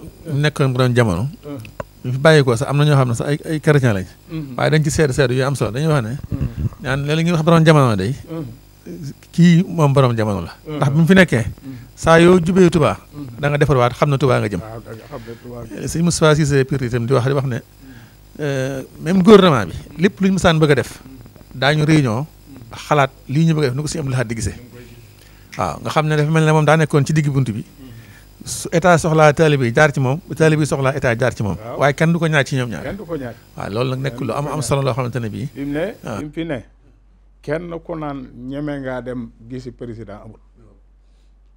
Speaker 3: nekkoon bu doon jamono ñu hmm. fi bàyyi ko sax am na ñoo xam ne sax ay ay chrétien lañ hmm. waaye dañ ci am solo dañuy wax ne hmm. ñaan léeg ñuy wax borom jamono day kii moom borom jamono la ndax bi mu fi nekkee saa yoo jubee Touba da nga defar waat xam na Touba ah, nga jëm sëñ Moustapha Cissé Pire itam di wax di wax ne Euh, même gouvernement bi lépp lu ñu mësaan bëgg a def daañu réunion xalaat lii ñu bëgg a def nu ko si am laxaat di gisee waaw nga xam ne dafa mel ne moom daa nekkoon ci digg bunt bi su état soxlaa taalibe jaar ci moom taalibe yi soxlaa état jaar ci moom. waaye kenn du ko ñaar ci ñoom ñaar. kenn loolu nag nekk lu am am solo loo xam ne bii. ne fi fi kenn ku naan ñeme ngaa dem gisi président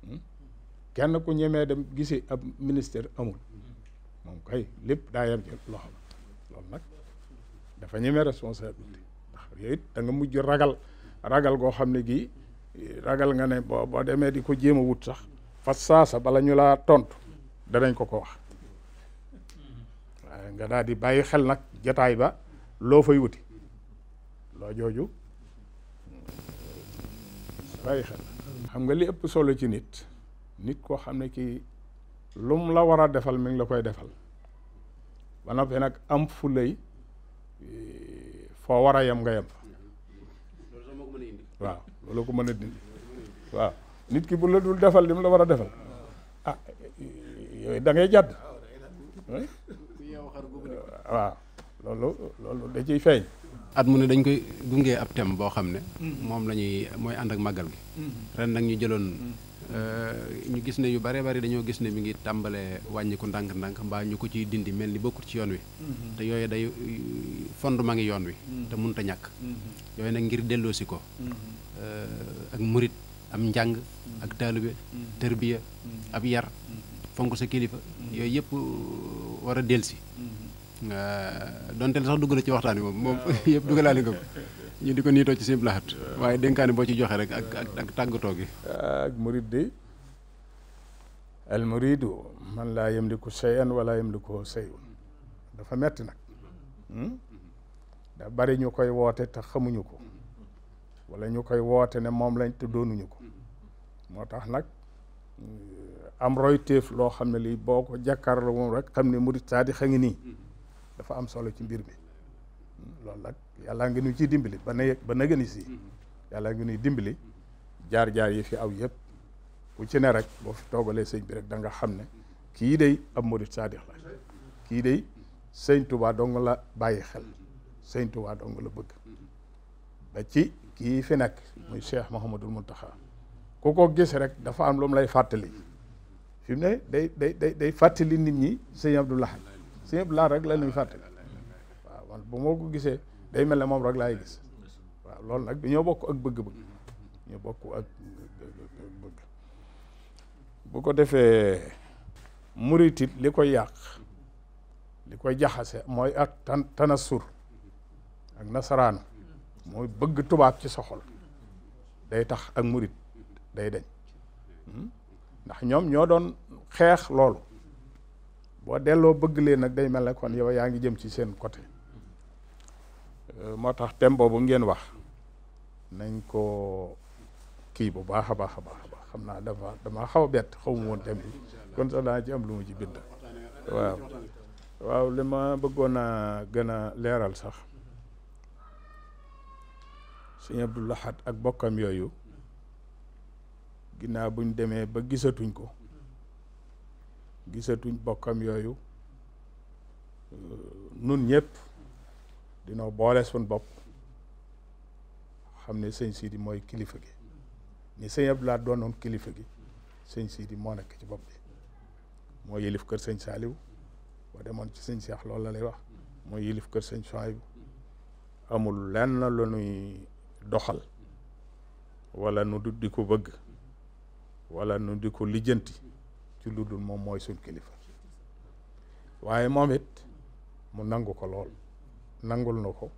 Speaker 3: hmm? ku ñemee dem gisi ab ministère amul moom kay lépp loolu nag dafa ñemee responsabilité ndax yooyu it mujj ragal ragal goo xam ne gii ragal nga ne boo demee di ko jéem a wut sax fas saasa bala ñu laa tontu danañ ko ko wax nga daal di bàyyi xel nag jataay ba loo fay wuti loo jooju mm, bàyyi xel xam nga li ëpp solo ci nit nit koo xam ne kii lum la war a defal mi ngi la koy defal ba noppi nag am fulay foo war a yem nga yem fa waaw loolu ko mën a dindi waaw nit ki bu la dul defal li mu la war a defal ah yooyu da ngay jàdd
Speaker 1: waaw loolu loolu da ciy feeñ at mu ne dañ koy gungee ab thème boo xam ne moom la ñuy mooy ànd ak màggal gi mm-hmm. ren nag ñu jëloon mm-hmm. Euh, ñu gis ne yu bare bari dañoo gis ne mi ngi tàmbale wàññiku ndànk-ndànk mbaa ñu ko ciy dindi mel ni bokkut ci yoon wi mm-hmm. te yooyu day fondement ngi yoon wi mm-hmm. te mënut a ñàkk mm-hmm. yooyu nag ngir delloosi ko euh, ak murit am njàng ak taalibe tërbiya ab yar fonk sa kilifa yooyu yëpp euh, war a delsi donte la sax dugg na ci waxtaan wi moom moom yëpp duggalaale nga ko ñu di ko niitoo ci sëñ Lahat waaye dénkaane boo ci joxee rek ak ak tàggatoo
Speaker 3: gi ak murid de al muridu man laa yem yamliku shay'an wala yamliku shay'un dafa metti nag hmm? da bari ñu koy woote te xamuñu ko wala ñu koy woote ne moom lañ te doonuñu ko moo tax nag eh, am roy loo xam ne lii boo ko jàkkaarloo moom rek xam ne murid saadi xa ngi nii dafa am solo ci mbir mi hmm? loolu nag yàllaa ngi nuy ci dimbali ba na ba na gëni si mm-hmm. yàllaa ngi nuy dimbali jaar-jaar yi fi aw yëpp ku ci ne rek boo fi toogalee sëñ bi rek da nga xam ne kii day ab murit saadix la kii day sëñ tubaa dong la bàyyi xel sëñ tubaa dong la bëgg ba ci kii fi nekk muy cheikh mahamadul muntaxa ku ko gis rek dafa am loom lay fàttali fi ne day day fàttali nit ñi sëñ abdou lahad sëñ abdou lahad rek la ñuy fàttali waaw man bu moo ko gisee day mel ne moom rek laay gis waaw lool nag dañoo bokk ak bëgg-bëgg ñu bokk ak bëgg bu ko defee muritit li koy yàq li koy jaxase mooy ak tan tanasur ak nasaraan mooy bëgg tubaab ci soxol day tax ak murit day deñ hmm? ndax ñoom ñoo doon xeex loolu boo delloo bëgg leen ak day mel ne kon yow yaa ngi jëm ci seen côté Euh, moo tax thème boobu ngeen wax nañ ko kii bu baax a baax a baax xam naa dafa dama xaw a bett xaw ma woon thème bi kon sax daa ci am lu mu ci bind waaw waaw ma bëggoon a gën a leeral sax sëñ Abdou Lahad ak bokkam yooyu ginnaaw buñ demee ba gisatuñ ko gisatuñ bokkam yooyu euh, nun ñëpp dinoo boole suñ bopp xam ne sëñ Sidi mooy kilifa gi ni sëñ Abdou Lahad doonoon kilifa gi sëñ Sidi moo nekk ci bopp bi moo yilif kër sëñ Saaliw boo demoon ci sëñ Seex loolu la lay wax moo yilif kër sëñ Suwaybu amul lenn lu nuy doxal wala nu di ko bëgg wala nu di ko lijjanti ci lu dul moom mooy suñ kilifa waaye moom it mu nangu ko lool nangul na ko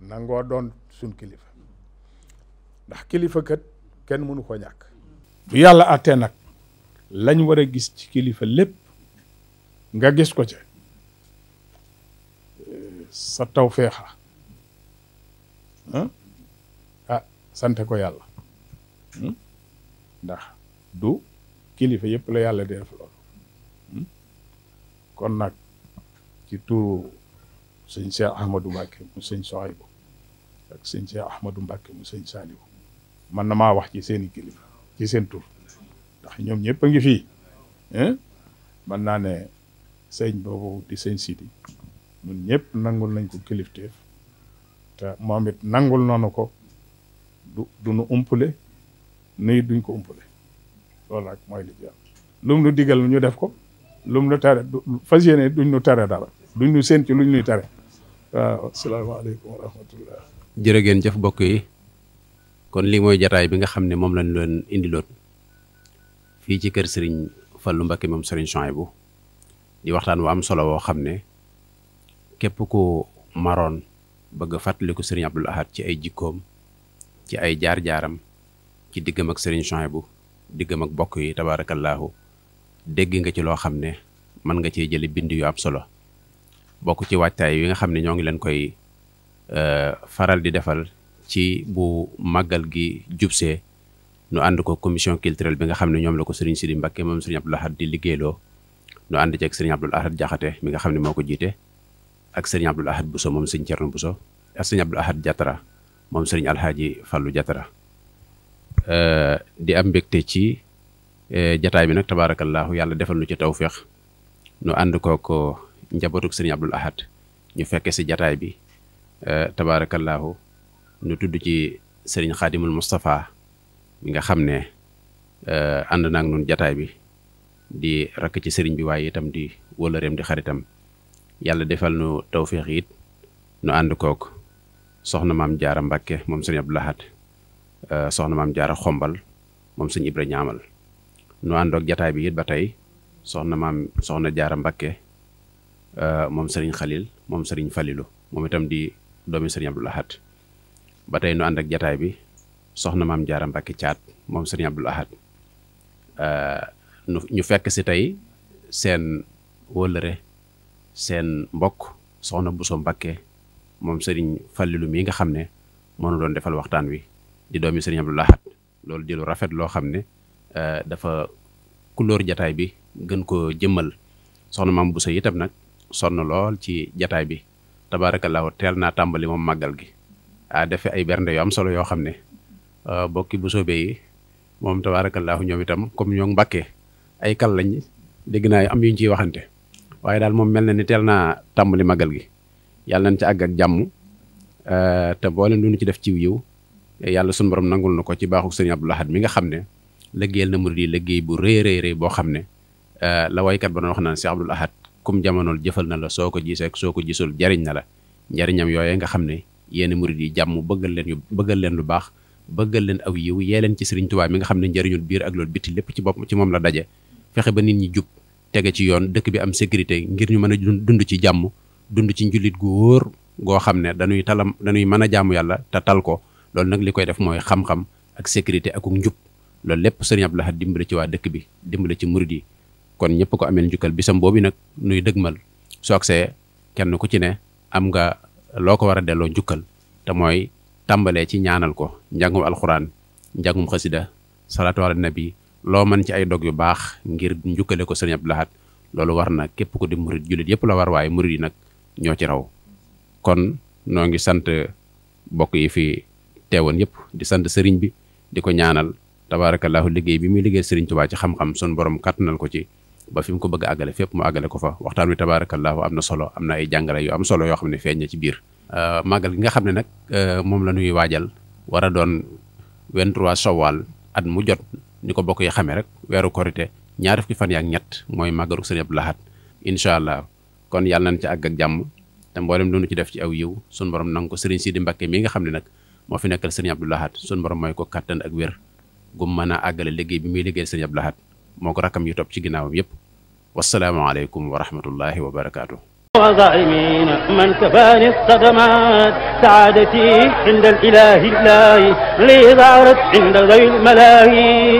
Speaker 3: nangoo doon suñ kilifa ndax kilifa kat kenn mënu ko ñàkk bu yàlla àttee nag lañ war a gis ci kilifa lépp nga gis ko ca sa taw feexa ah sante ko yàlla ndax du kilifa yëpp la yàlla di def loolu kon nag ci turu sëñ Cheikh Ahmadou Mbacke mu sëñ Sohaybu ak sëñ mu sëñ Saliou man na maa wax ci seeni i ci seen tur ndax ñoom ñëpp a ngi fii man naa ne sëñ boobu di sëñ Sidi nangul nañ ko kilifteef te moom it nangul noonu ko du du nu umpule nuy duñ ko umpule loolu nag mooy li lum nu digal ñu def ko lum nu tere fas yéene duñ nu tere dara duñ nu séen ci luñ nuy tare waaw asalaamaaleykum
Speaker 2: wa rahmatullah
Speaker 1: jërë jëf mbokk yi kon lii mooy jataay bi nga xam ne moom lañu leen indiloon fii ci kër sëriñ Fallu Mbakke moom sëriñ Souhaïbou di waxtaan wu am solo woo xam ne képp ku maroon bëgg a fàttaliku sëriñ Abdul Ahad ci ay jikkoom ci ay jaar-jaaram ci diggam ak sëriñ Souhaïbou diggam ak bokk yi tabaarakallaahu dégg nga ci loo xam ne mën nga cee jëli bind yu ab solo bokk ci waajtaay yi nga xam ne ñoo ngi leen koy euh, faral di defal ci bu màggal gi jubsee nu ànd ko commission culturelle bi nga xam ne ñoom la ko sëriñ Sidi Mbacke moom sëriñ Abdoul Ahad di liggéeyloo nu ànd ceeg sëriñ Abdoul Ahad Jaxate mi nga xam ne moo ko jiite ak sëriñ Abdoul Ahad Bousso moom sëriñ Thierno Bousso ak sëriñ Abdoul Ahad Jatara moom sëriñ Alhaaji Fàllu Jatara euh, di am mbégte ci euh, jataay bi nag tabaarakallaahu yàlla defal nu ci tawféex nu ànd kooko njabootuk sëriñ Abdul Ahad ñu fekke si jataay bi euh, tabaarakallaahu ñu tudd ci sëriñ xaadimul Moustapha mi nga xam ne euh, ànd naag nun jataay bi di rakk ci sëriñ bi waaye itam di wóllëreem di xaritam yàlla defal nu tawféex it nu ànd kook soxna maam jaara Mbàkke moom sëriñ Abdul Ahad euh, soxna maam jaara xombal moom sëñ Ibra ñaamal nu àndoog jataay bi it ba tey soxna maam soxna jaara Mbàkke Euh, moom sëriñ xalil moom sëriñ Falilu moom itam di doomi sëriñ Abdul Ahad ba tey nu ànd ak jataay bi soxna maam Jaara Mbàkke Caat moom sëriñ Abdul Ahad euh, ñu fekk si tey seen wëllëre seen mbokk soxna Buso mbakke moom sëriñ Falilu mii nga xam ne moonu doon defal waxtaan wi di doomi sëriñ Abdul Ahad loolu di lu rafet loo xam ne euh, dafa couleur jataay bi gën ko jëmmal soxna maam Buso itam nag sonn lool ci jataay bi tabaarakallaahu teel naa tàmbali moom màggal gi a defe ay bernde yu am solo yoo xam ne bokki bu soobee yi moom tabaarakallaahu ñoom itam comme ñoo mbàkkee ay kal lañ dégg naa am yu ñu ciy waxante waaye daal moom mel na ni teel naa tàmbali màggal gi yàlla nañ ci àgg ak jàmm te boo leen lu ñu ci def ci yiw yàlla sunu borom nangul na ko ci baaxu sëriñ Abdou Lahad mi nga xam ne liggéeyal na murid yi liggéey bu rëy rëy boo xam ne la waykat ba doon wax naan si Abdou kum jamonool jëfal na la soo ko gisee soo ko gisul jariñ na la njariñam yooyee nga xam ne yéen murid yi jàmm bëggal leen yu bëggal leen lu baax bëggal leen aw yiw yee leen ci Sëriñ Tuubaa mi nga xam ne njariñul biir ak loolu bitti lépp ci bopp ci moom la daje fexe ba nit ñi jub tege ci yoon dëkk bi am sécurité ngir ñu mën a dund ci jàmm dund ci njulit gu wóor goo xam ne dañuy talam dañuy mën a jàmm yàlla te tal ko loolu nag li koy def mooy xam-xam ak sécurité ak njub loolu lépp Sëriñ Abdou dimbale ci waa dëkk bi dimbale ci murid yi kon ñëpp ko ameel njukkal bisam boobu nag nuy dëgmal su agsee kenn ku ci ne am nga loo ko war a delloo njukkal te mooy tàmbalee ci ñaanal ko njàngum alxuraan njàngum xasida salaatu ala nabi loo mën ci ay dog yu baax ngir njukkale ko sëriñ Abdou Lahad war na képp ko di murit yëpp la war waaye murit yi nag ñoo ci raw kon noo ngi sant bokk yi fi teewoon yëpp di sant sëriñ bi di ko ñaanal tabaarakallaahu liggéey bi muy liggéey sëriñ Tuubaa ci xam-xam sun borom kàttanal ko ci ba fi mu ko bëgg àggale fépp mu àggale ko fa waxtaan wi tabaarakallaahu am na solo am na ay jàngale yoo am solo yoo xam ne feeñ na ci biir euh, màggal gi nga xam ne nag euh, moom la ñuy waajal war a doon 23 Sawal at mu jot ñu ko bokk yi xamee rek weeru korite ñaar fukki fan yaak ñett mooy màggalu Sëriñ Abdou Lahad incha allah kon yàlla nañ ci àgg jàmm te mboolem lu ci def ci aw yiw sunu borom nangu ko Sëriñ Sidi Mbàkke mi nga xam ne nag moo fi nekkal Sëriñ Abdou Lahad sunu mooy ko kattan ak wér gum mën a àggale liggéey bi muy liggéey Sëriñ yab Lahad moo ko rakkam yu topp ci ginnaawam yépp wasalaamaaleykum wa rahmatullahi wa barakaatu عظائمين من كفاني الصدمات سعادتي عند الإله الله لي ظهرت عند ذوي الملاهي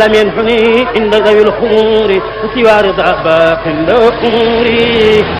Speaker 1: لم ينحني عند ذوي الخمور سوى رضا باق عند
Speaker 3: أموري